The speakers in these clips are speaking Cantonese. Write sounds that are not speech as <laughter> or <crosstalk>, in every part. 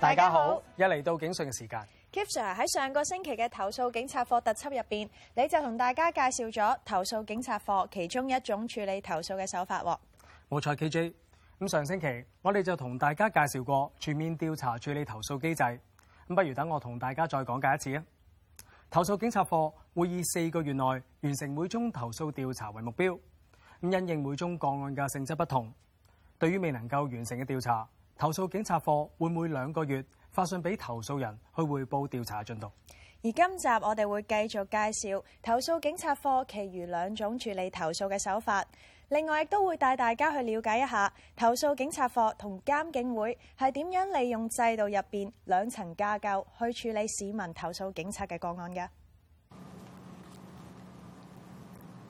大家好，一嚟到警訊時間。KJ 喺上個星期嘅投訴警察課特輯入邊，你就同大家介紹咗投訴警察課其中一種處理投訴嘅手法喎。冇錯，KJ。咁上星期我哋就同大家介紹過全面調查處理投訴機制。咁不如等我同大家再講解一次啊！投訴警察課會以四個月內完成每宗投訴調查為目標。咁因應每宗個案嘅性質不同，對於未能夠完成嘅調查，投訴警察課會每兩個月，發信俾投訴人去匯報調查進度。而今集我哋會繼續介紹投訴警察課，其餘兩種處理投訴嘅手法。另外亦都會帶大家去了解一下投訴警察課同監警會係點樣利用制度入面兩層架構去處理市民投訴警察嘅個案嘅。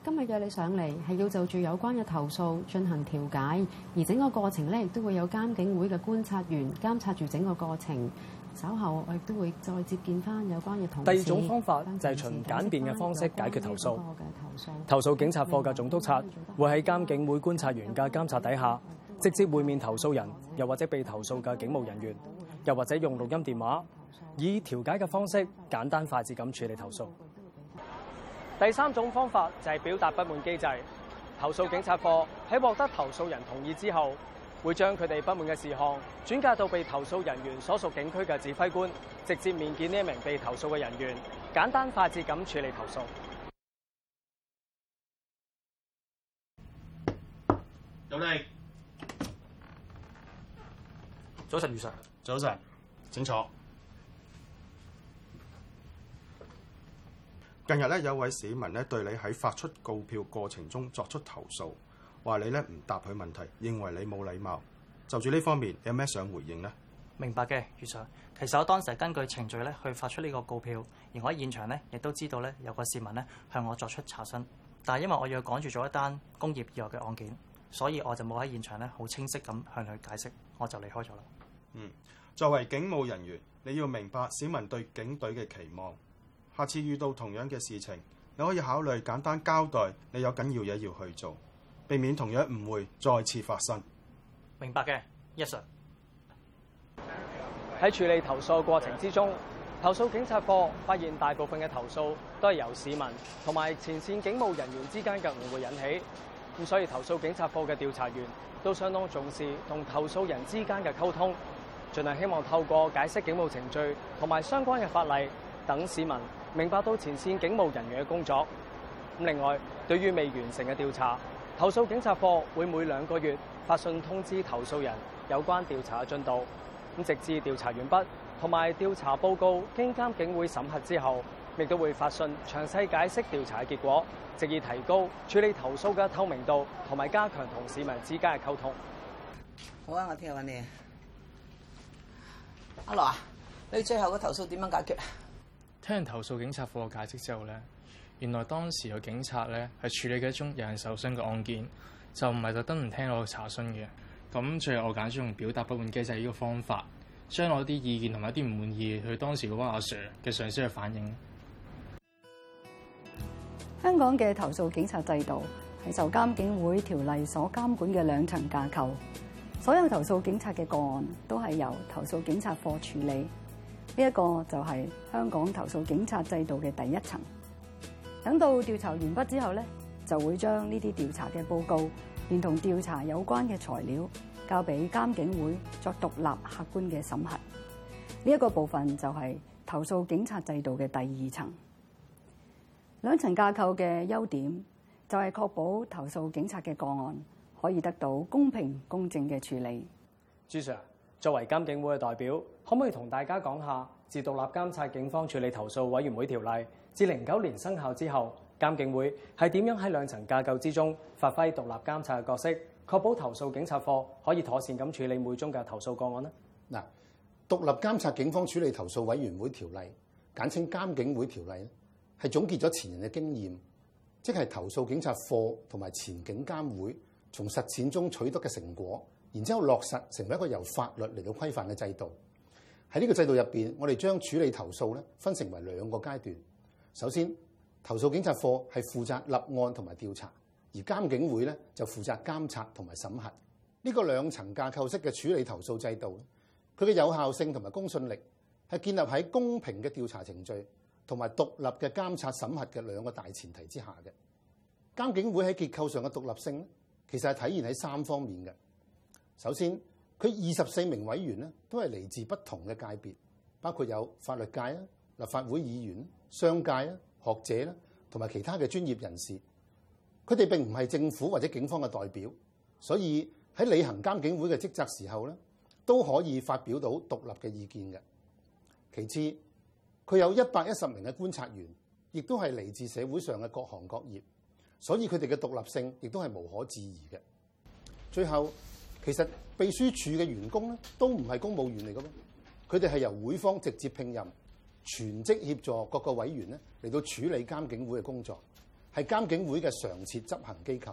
今日約你上嚟係要就住有關嘅投訴進行調解，而整個過程咧亦都會有監警會嘅觀察員監察住整個過程。稍後我亦都會再接見返有關嘅同事。第二種方法就係循簡便嘅方式解決投訴。投訴警察課嘅總督察會喺監警會觀察員嘅監察底下，直接會面投訴人，又或者被投訴嘅警務人員，又或者用錄音電話，以調解嘅方式簡單快捷咁處理投訴。第三種方法就係、是、表達不滿機制，投訴警察課喺獲得投訴人同意之後，會將佢哋不滿嘅事項轉嫁到被投訴人員所屬警區嘅指揮官，直接面見呢一名被投訴嘅人員，簡單快捷咁處理投訴。入嚟，早晨，余 Sir，早晨，請坐。近日咧有位市民咧對你喺發出告票過程中作出投訴，話你咧唔答佢問題，認為你冇禮貌。就住呢方面有咩想回應呢？明白嘅，余 Sir。其實我當時根據程序咧去發出呢個告票，而我喺現場咧亦都知道咧有個市民咧向我作出查詢，但係因為我要趕住做一單工業意外嘅案件，所以我就冇喺現場咧好清晰咁向佢解釋，我就離開咗啦。嗯，作為警務人員，你要明白市民對警隊嘅期望。下次遇到同樣嘅事情，你可以考慮簡單交代你有緊要嘢要去做，避免同樣誤會再次發生。明白嘅，Yes sir。喺處理投訴過程之中，投訴警察課發現大部分嘅投訴都係由市民同埋前線警務人員之間嘅誤會引起，咁所以投訴警察課嘅調查員都相當重視同投訴人之間嘅溝通，盡量希望透過解釋警務程序同埋相關嘅法例等市民。明白到前線警務人員嘅工作。咁另外，對於未完成嘅調查，投訴警察課會每兩個月發信通知投訴人有關調查嘅進度。咁直至調查完畢，同埋調查報告經監警會審核之後，亦都會發信詳細解釋調查嘅結果，旨在提高處理投訴嘅透明度，同埋加強同市民之間嘅溝通。好啊，我聽日揾你。阿羅啊，你最後嘅投訴點樣解決？聽完投訴警察課解釋之後咧，原來當時有警察咧係處理嘅一宗有人受傷嘅案件，就唔係特登唔聽我嘅查詢嘅。咁，最後我揀咗用表達不滿機制呢個方法，將我啲意見同埋一啲唔滿意去當時嗰班阿 Sir 嘅上司去反映。香港嘅投訴警察制度係受監警會條例所監管嘅兩層架構，所有投訴警察嘅個案都係由投訴警察課處理。呢一個就係香港投訴警察制度嘅第一層。等到調查完畢之後咧，就會將呢啲調查嘅報告，連同調查有關嘅材料，交俾監警會作獨立、客觀嘅審核。呢一個部分就係投訴警察制度嘅第二層。兩層架構嘅優點，就係確保投訴警察嘅個案可以得到公平、公正嘅處理。朱 Sir，作為監警會嘅代表，可唔可以同大家講下？自獨立監察警方處理投訴委員會條例自零九年生效之後，監警會係點樣喺兩層架構之中發揮獨立監察嘅角色，確保投訴警察課可以妥善咁處理每宗嘅投訴個案呢？嗱，獨立監察警方處理投訴委員會條例，簡稱監警會條例咧，係總結咗前人嘅經驗，即係投訴警察課同埋前警監會從實踐中取得嘅成果，然之後落實成為一個由法律嚟到規範嘅制度。喺呢個制度入邊，我哋將處理投訴咧分成為兩個階段。首先，投訴警察課係負責立案同埋調查，而監警會咧就負責監察同埋審核。呢個兩層架構式嘅處理投訴制度，佢嘅有效性同埋公信力係建立喺公平嘅調查程序同埋獨立嘅監察審核嘅兩個大前提之下嘅。監警會喺結構上嘅獨立性，其實係體現喺三方面嘅。首先，佢二十四名委員咧，都係嚟自不同嘅界別，包括有法律界啊、立法會議員、商界啊、學者啦，同埋其他嘅專業人士。佢哋並唔係政府或者警方嘅代表，所以喺履行監警會嘅職責時候咧，都可以發表到獨立嘅意見嘅。其次，佢有一百一十名嘅觀察員，亦都係嚟自社會上嘅各行各業，所以佢哋嘅獨立性亦都係無可置疑嘅。最後，其實秘書處嘅員工咧，都唔係公務員嚟嘅喎，佢哋係由會方直接聘任，全職協助各個委員咧嚟到處理監警會嘅工作，係監警會嘅常設執行機構。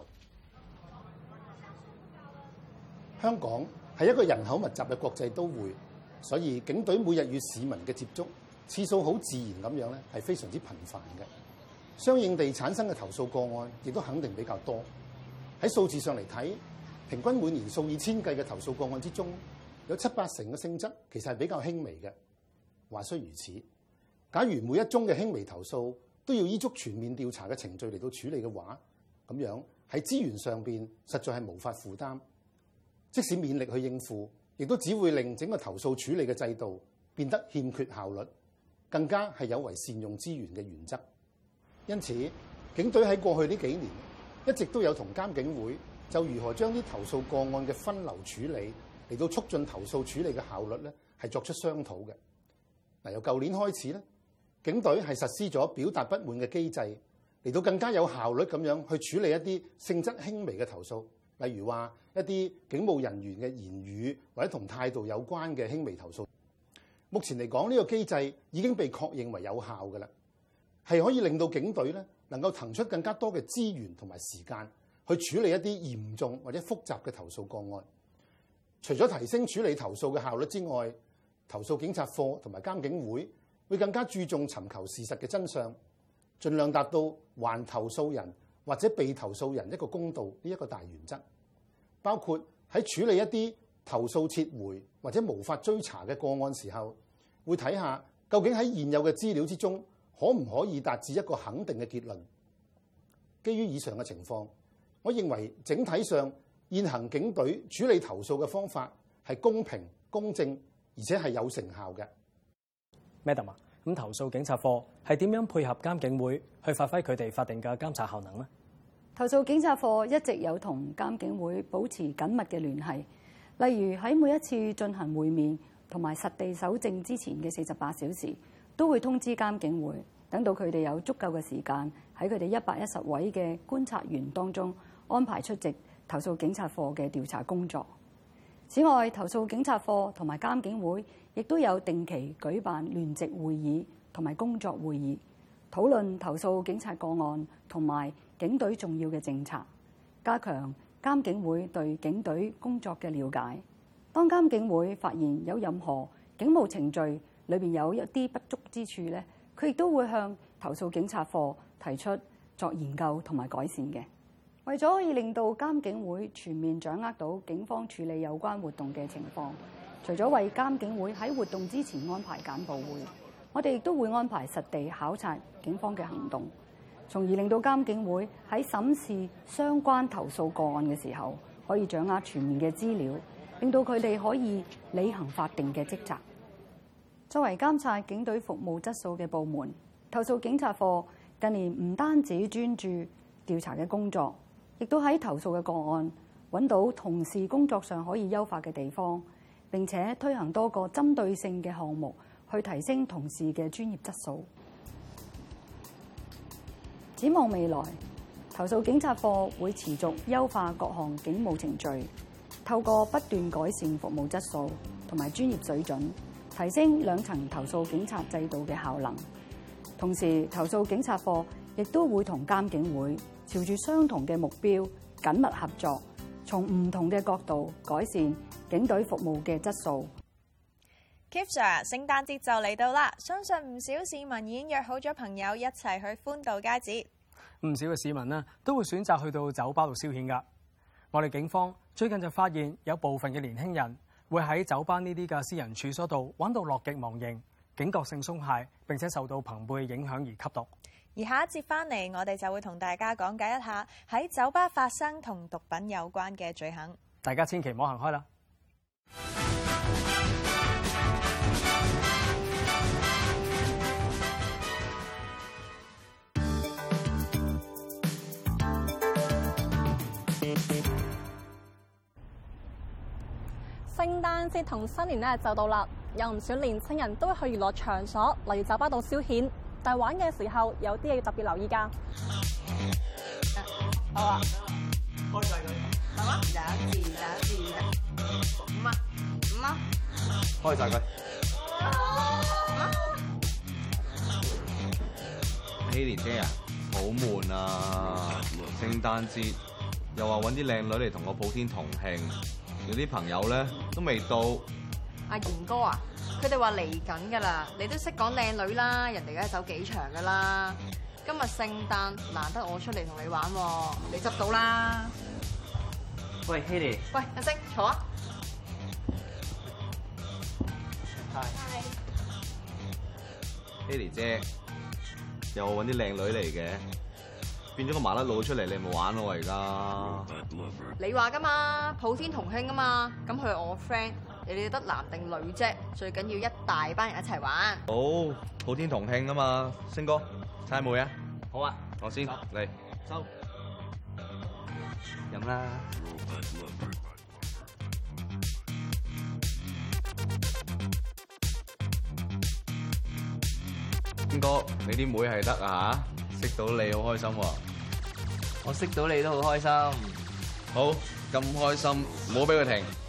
香港係一個人口密集嘅國際都會，所以警隊每日與市民嘅接觸次數好自然咁樣咧，係非常之頻繁嘅，相應地產生嘅投訴個案亦都肯定比較多。喺數字上嚟睇。平均每年數以千計嘅投訴個案之中，有七八成嘅性質其實係比較輕微嘅。話雖如此，假如每一宗嘅輕微投訴都要依足全面調查嘅程序嚟到處理嘅話，咁樣喺資源上面實在係無法負擔。即使勉力去應付，亦都只會令整個投訴處理嘅制度變得欠缺效率，更加係有違善用資源嘅原則。因此，警隊喺過去呢幾年一直都有同監警會。就如何將啲投訴個案嘅分流處理，嚟到促進投訴處理嘅效率咧，係作出商討嘅。嗱，由舊年開始咧，警隊係實施咗表達不滿嘅機制，嚟到更加有效率咁樣去處理一啲性質輕微嘅投訴，例如話一啲警務人員嘅言語或者同態度有關嘅輕微投訴。目前嚟講，呢個機制已經被確認為有效嘅啦，係可以令到警隊咧能夠騰出更加多嘅資源同埋時間。去處理一啲嚴重或者複雜嘅投訴個案，除咗提升處理投訴嘅效率之外，投訴警察課同埋監警會會更加注重尋求事實嘅真相，盡量達到還投訴人或者被投訴人一個公道呢一個大原則。包括喺處理一啲投訴撤回或者無法追查嘅個案時候，會睇下究竟喺現有嘅資料之中，可唔可以達至一個肯定嘅結論。基於以上嘅情況。我認為整體上現行警隊處理投訴嘅方法係公平、公正，而且係有成效嘅。Madam 啊，咁投訴警察課係點樣配合監警會去發揮佢哋法定嘅監察效能呢？投訴警察課一直有同監警會保持緊密嘅聯繫，例如喺每一次進行會面同埋實地搜證之前嘅四十八小時，都會通知監警會，等到佢哋有足夠嘅時間喺佢哋一百一十位嘅觀察員當中。安排出席投訴警察課嘅調查工作。此外，投訴警察課同埋監警會亦都有定期舉辦聯席會議同埋工作會議，討論投訴警察個案同埋警隊重要嘅政策，加強監警會對警隊工作嘅了解。當監警會發現有任何警務程序裏邊有一啲不足之處呢，佢亦都會向投訴警察課提出作研究同埋改善嘅。為咗可以令到監警會全面掌握到警方處理有關活動嘅情況，除咗為監警會喺活動之前安排簡報會，我哋亦都會安排實地考察警方嘅行動，從而令到監警會喺審視相關投訴個案嘅時候，可以掌握全面嘅資料，令到佢哋可以履行法定嘅職責。作為監察警隊服務質素嘅部門，投訴警察課近年唔單止專注調查嘅工作，亦都喺投訴嘅個案揾到同事工作上可以優化嘅地方，並且推行多個針對性嘅項目去提升同事嘅專業質素。展望未來，投訴警察課會持續優化各項警務程序，透過不斷改善服務質素同埋專業水準，提升兩層投訴警察制度嘅效能。同時，投訴警察課亦都會同監警會，朝住相同嘅目標緊密合作，從唔同嘅角度改善警隊服務嘅質素。Kip Sir，聖誕節就嚟到啦，相信唔少市民已經約好咗朋友一齊去歡度佳節，唔少嘅市民呢，都會選擇去到酒吧度消遣噶。我哋警方最近就發現有部分嘅年輕人會喺酒吧呢啲嘅私人處所度玩到樂極忘形，警覺性鬆懈，並且受到朋輩影響而吸毒。而下一節翻嚟，我哋就會同大家講解一下喺酒吧發生同毒品有關嘅罪行。大家千祈唔好行開啦！聖誕節同新年呢就到啦，有唔少年青人都去娛樂場所，例如酒吧度消遣。但係玩嘅時候有啲嘢要特別留意㗎。啊。好開的啊，啊，啊，開曬佢。係嗎？兩字兩字，五啊五啊，開曬佢。希蓮姐啊，好悶啊！聖誕節又話揾啲靚女嚟同我普天同慶，有啲朋友咧都未到。阿、啊、賢哥啊！佢哋話嚟緊㗎啦，你都識講靚女啦，人哋而家現在走幾場㗎啦。今日聖誕難得我出嚟同你玩喎，你執到啦。喂，Hayley。喂，阿星坐。Hi。Hayley 姐，又揾啲靚女嚟嘅，變咗個麻甩佬出嚟，你有冇玩我而家？你話㗎嘛，普天同慶啊嘛，咁佢係我 friend。你哋得男定女啫？最緊要一大班人一齊玩。好，普天同慶啊嘛！星哥，猜妹啊！好啊，我先嚟，收飲啦！星哥，你啲妹係得啊吓，識到你好開心。我識到你都好開心。好，咁開心，唔好俾佢停。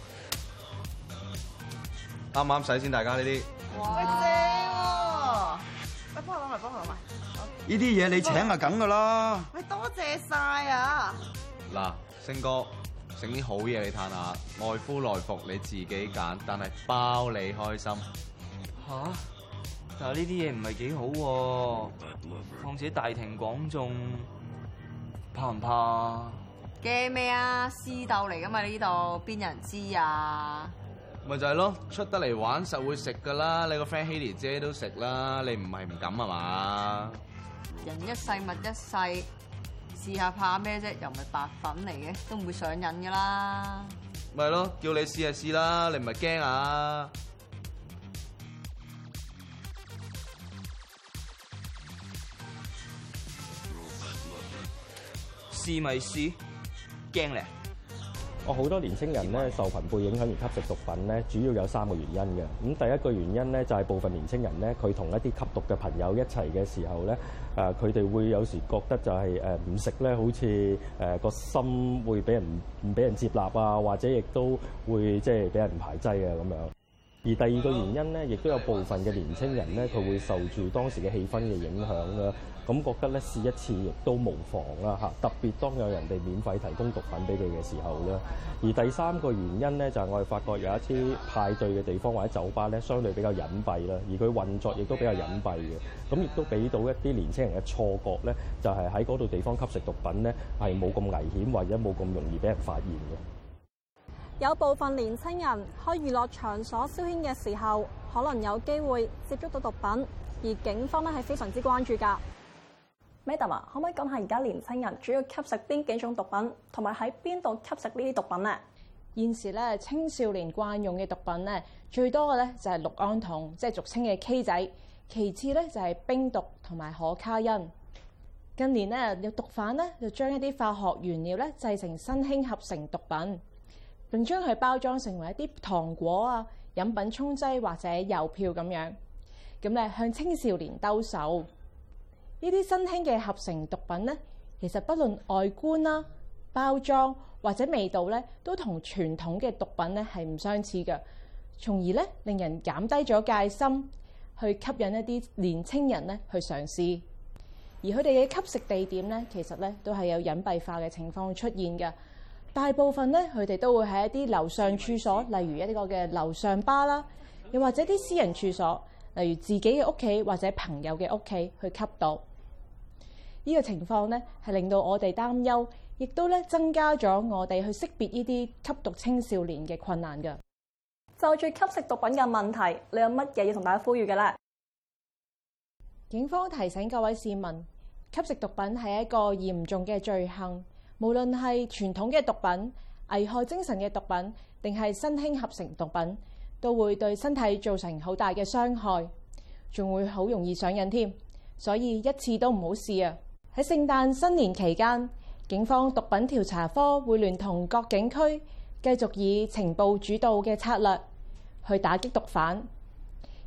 啱啱使先，這些大家呢啲。哇！正喎，喂，幫我攞埋，幫我攞埋。呢啲嘢你請就梗噶啦。喂，多謝晒啊！嗱，星哥，整啲好嘢你嘆下，外敷內服你自己揀，但係包你開心。吓、啊？但係呢啲嘢唔係幾好喎、啊，況且大庭廣眾，怕唔怕？驚咩啊？私鬥嚟噶嘛？呢度邊人知啊？咪就係、是、咯，出得嚟玩就會食噶啦，你個 friend 希妮姐都食啦，你唔係唔敢係嘛？人一世物一世，試下怕咩啫？又唔係白粉嚟嘅，都唔會上癮噶啦。咪咯，叫你試下試啦，你唔係驚啊？試咪試，驚咧？我、哦、好多年青人咧受朋輩影響而吸食毒品咧，主要有三個原因嘅。咁第一個原因咧就係、是、部分年青人咧，佢同一啲吸毒嘅朋友一齊嘅時候咧，誒佢哋會有時覺得就係誒唔食咧，好似誒、呃、個心會俾人唔俾人接納啊，或者亦都會即係俾人排擠啊咁樣。而第二個原因咧，亦都有部分嘅年青人咧，佢會受住當時嘅氣氛嘅影響啦，咁覺得咧試一次亦都無妨啦嚇。特別當有人哋免費提供毒品俾佢嘅時候咧。而第三個原因咧，就係我哋發覺有一啲派對嘅地方或者酒吧咧，相對比較隱蔽啦，而佢運作亦都比較隱蔽嘅，咁亦都俾到一啲年青人嘅錯覺咧，就係喺嗰度地方吸食毒品咧係冇咁危險，或者冇咁容易俾人發現嘅。有部分年青人開娛樂場所消遣嘅時候，可能有機會接觸到毒品，而警方咧係非常之關注噶。Madam，可唔可以講下而家年青人主要吸食邊幾種毒品，同埋喺邊度吸食呢啲毒品呢？現時咧，青少年慣用嘅毒品咧，最多嘅咧就係氯胺酮，即係俗稱嘅 K 仔，其次咧就係冰毒同埋可卡因。近年咧，有毒販咧就將一啲化學原料咧製成新興合成毒品。並將佢包裝成為一啲糖果啊、飲品沖劑或者郵票咁樣，咁咧向青少年兜售呢啲新興嘅合成毒品咧，其實不論外觀啦、啊、包裝或者味道咧，都同傳統嘅毒品咧係唔相似嘅，從而咧令人減低咗戒心，去吸引一啲年青人咧去嘗試，而佢哋嘅吸食地點咧，其實咧都係有隱蔽化嘅情況出現嘅。大部分咧，佢哋都會喺一啲樓上處所，例如一啲個嘅樓上吧啦，又或者啲私人處所，例如自己嘅屋企或者朋友嘅屋企去吸毒。呢、這個情況咧，係令到我哋擔憂，亦都咧增加咗我哋去識別呢啲吸毒青少年嘅困難嘅。就住吸食毒品嘅問題，你有乜嘢要同大家呼籲㗎咧？警方提醒各位市民，吸食毒品係一個嚴重嘅罪行。無論係傳統嘅毒品、危害精神嘅毒品，定係新興合成毒品，都會對身體造成好大嘅傷害，仲會好容易上癮添。所以一次都唔好試啊！喺聖誕新年期間，警方毒品調查科會聯同各警區，繼續以情報主導嘅策略去打擊毒販，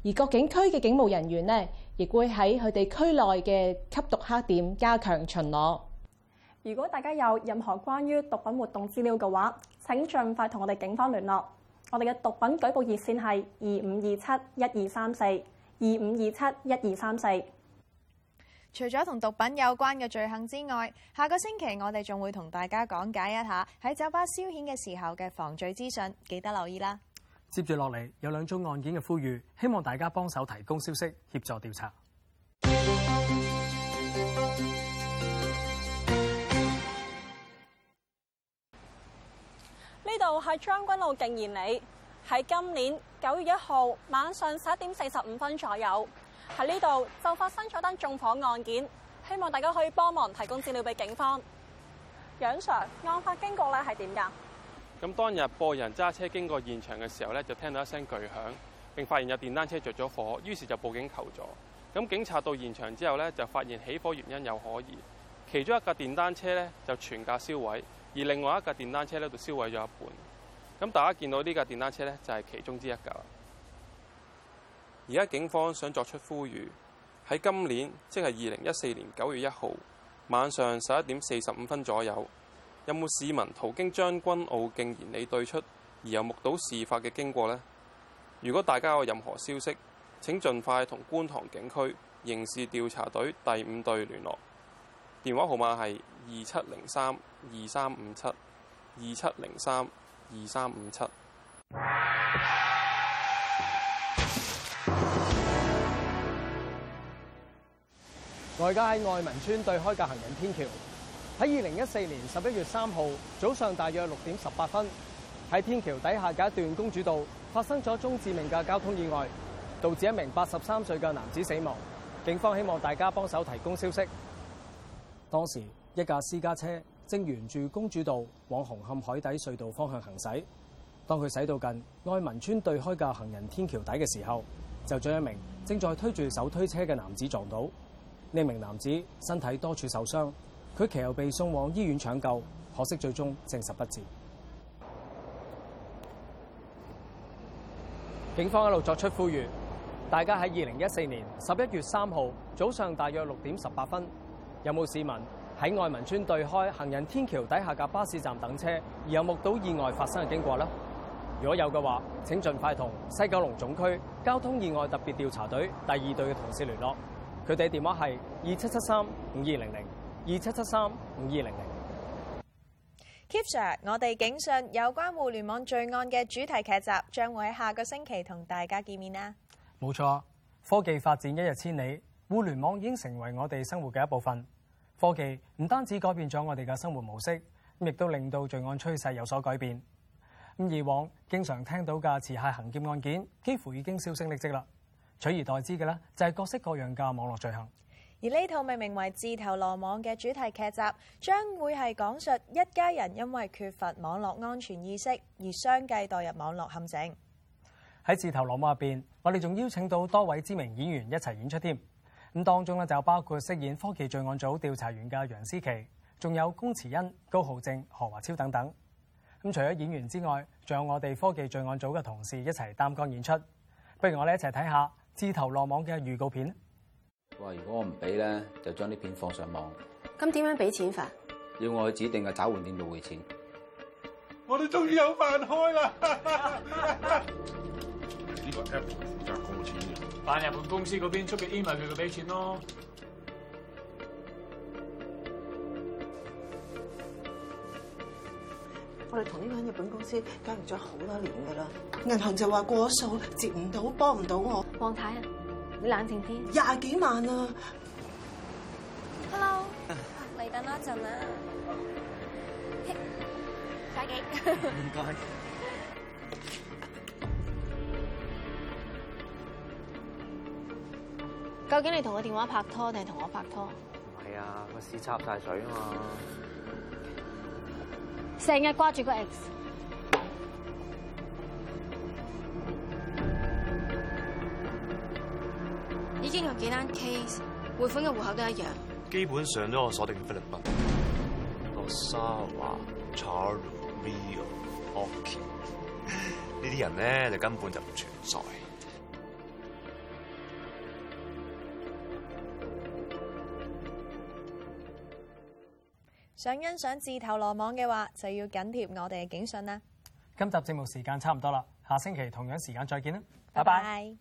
而各警區嘅警務人員呢，亦會喺佢哋區內嘅吸毒黑點加強巡邏。如果大家有任何關於毒品活動資料嘅話，請盡快同我哋警方聯絡。我哋嘅毒品舉報熱線係二五二七一二三四，二五二七一二三四。除咗同毒品有關嘅罪行之外，下個星期我哋仲會同大家講解一下喺酒吧消遣嘅時候嘅防罪資訊，記得留意啦。接住落嚟有兩宗案件嘅呼籲，希望大家幫手提供消息，協助調查。我係將軍路勁賢里，喺今年九月一號晚上十一點四十五分左右，喺呢度就發生咗單縱火案件，希望大家可以幫忙提供資料俾警方。楊 Sir，案發經過咧係點噶？咁當日報案人揸車經過現場嘅時候咧，就聽到一聲巨響，並發現有電單車着咗火，於是就報警求助。咁警察到現場之後咧，就發現起火原因有可疑，其中一架電單車咧就全架燒毀，而另外一架電單車咧就燒毀咗一半。咁大家見到呢架電單車呢，就係其中之一架。而家警方想作出呼籲，喺今年即係二零一四年九月一號晚上十一點四十五分左右，有冇市民途經將軍澳徑賢里對出而又目睹事發嘅經過呢？如果大家有任何消息，請盡快同觀塘警區刑事調查隊第五隊聯絡，電話號碼係二七零三二三五七二七零三。二三五七。外家喺愛民村對開嘅行人天橋，喺二零一四年十一月三號早上大約六點十八分，喺天橋底下嘅一段公主道發生咗宗致命嘅交通意外，導致一名八十三歲嘅男子死亡。警方希望大家幫手提供消息。當時一架私家車，正沿住公主道往紅磡海底隧道方向行駛，當佢駛到近愛民村對開嘅行人天橋底嘅時候，就將一名正在推住手推車嘅男子撞倒。呢名男子身體多處受傷，佢其後被送往醫院搶救，可惜最終證實不治。警方一路作出呼籲，大家喺二零一四年十一月三號早上大約六點十八分，有冇市民？喺外文村對開行人天橋底下嘅巴士站等車，而有目睹意外發生嘅經過咧？如果有嘅話，請盡快同西九龍總區交通意外特別調查隊第二隊嘅同事聯絡，佢哋嘅電話係二七七三五二零零二七七三五二零零。Keep Sir，我哋警訊有關互聯網罪案嘅主題劇集將會喺下個星期同大家見面啦。冇錯，科技發展一日千里，互聯網已經成為我哋生活嘅一部分。科技唔單止改變咗我哋嘅生活模式，亦都令到罪案趨勢有所改變。咁以往經常聽到嘅持械行劫案件，幾乎已經銷聲匿跡啦。取而代之嘅咧，就係各式各樣嘅網絡罪行。而呢套命名為《自投羅網》嘅主題劇集，將會係講述一家人因為缺乏網絡安全意識，而相繼墮入網絡陷阱。喺《自投羅網》入邊，我哋仲邀請到多位知名演員一齊演出添。咁當中咧就包括飾演科技罪案組調查員嘅楊思琦，仲有龔慈恩、高浩正、何華超等等。咁除咗演員之外，仲有我哋科技罪案組嘅同事一齊擔綱演出。不如我哋一齊睇下自投落網嘅預告片。哇！如果我唔俾咧，就將啲片放上網。咁點樣俾錢法？要我去指定嘅找換店度匯錢。我哋終於有飯開啦！ <laughs> <laughs> 呢、這個 Apple 負責付錢嘅，辦日本公司嗰邊出嘅 email 佢就俾錢咯。我哋同呢間日本公司交易咗好多年嘅啦，銀行就話過數，接唔到，幫唔到我。王太啊，你冷靜啲。廿幾萬啊！Hello，嚟緊啦，陣啊。收機。唔、oh. 該、hey。謝謝 <laughs> 究竟你同我電話拍拖定係同我拍拖？唔係啊，個屎插晒水啊嘛！成日掛住個 X，已經有幾單 case 匯款嘅戶口都一樣，基本上都我鎖定菲律賓、洛沙華、查魯、Rio、Oki <laughs> 呢啲人咧，就根本就唔存在。想欣賞自投羅網嘅話，就要緊貼我哋嘅警訊啦。今集節目時間差唔多啦，下星期同樣時間再見啦，拜拜。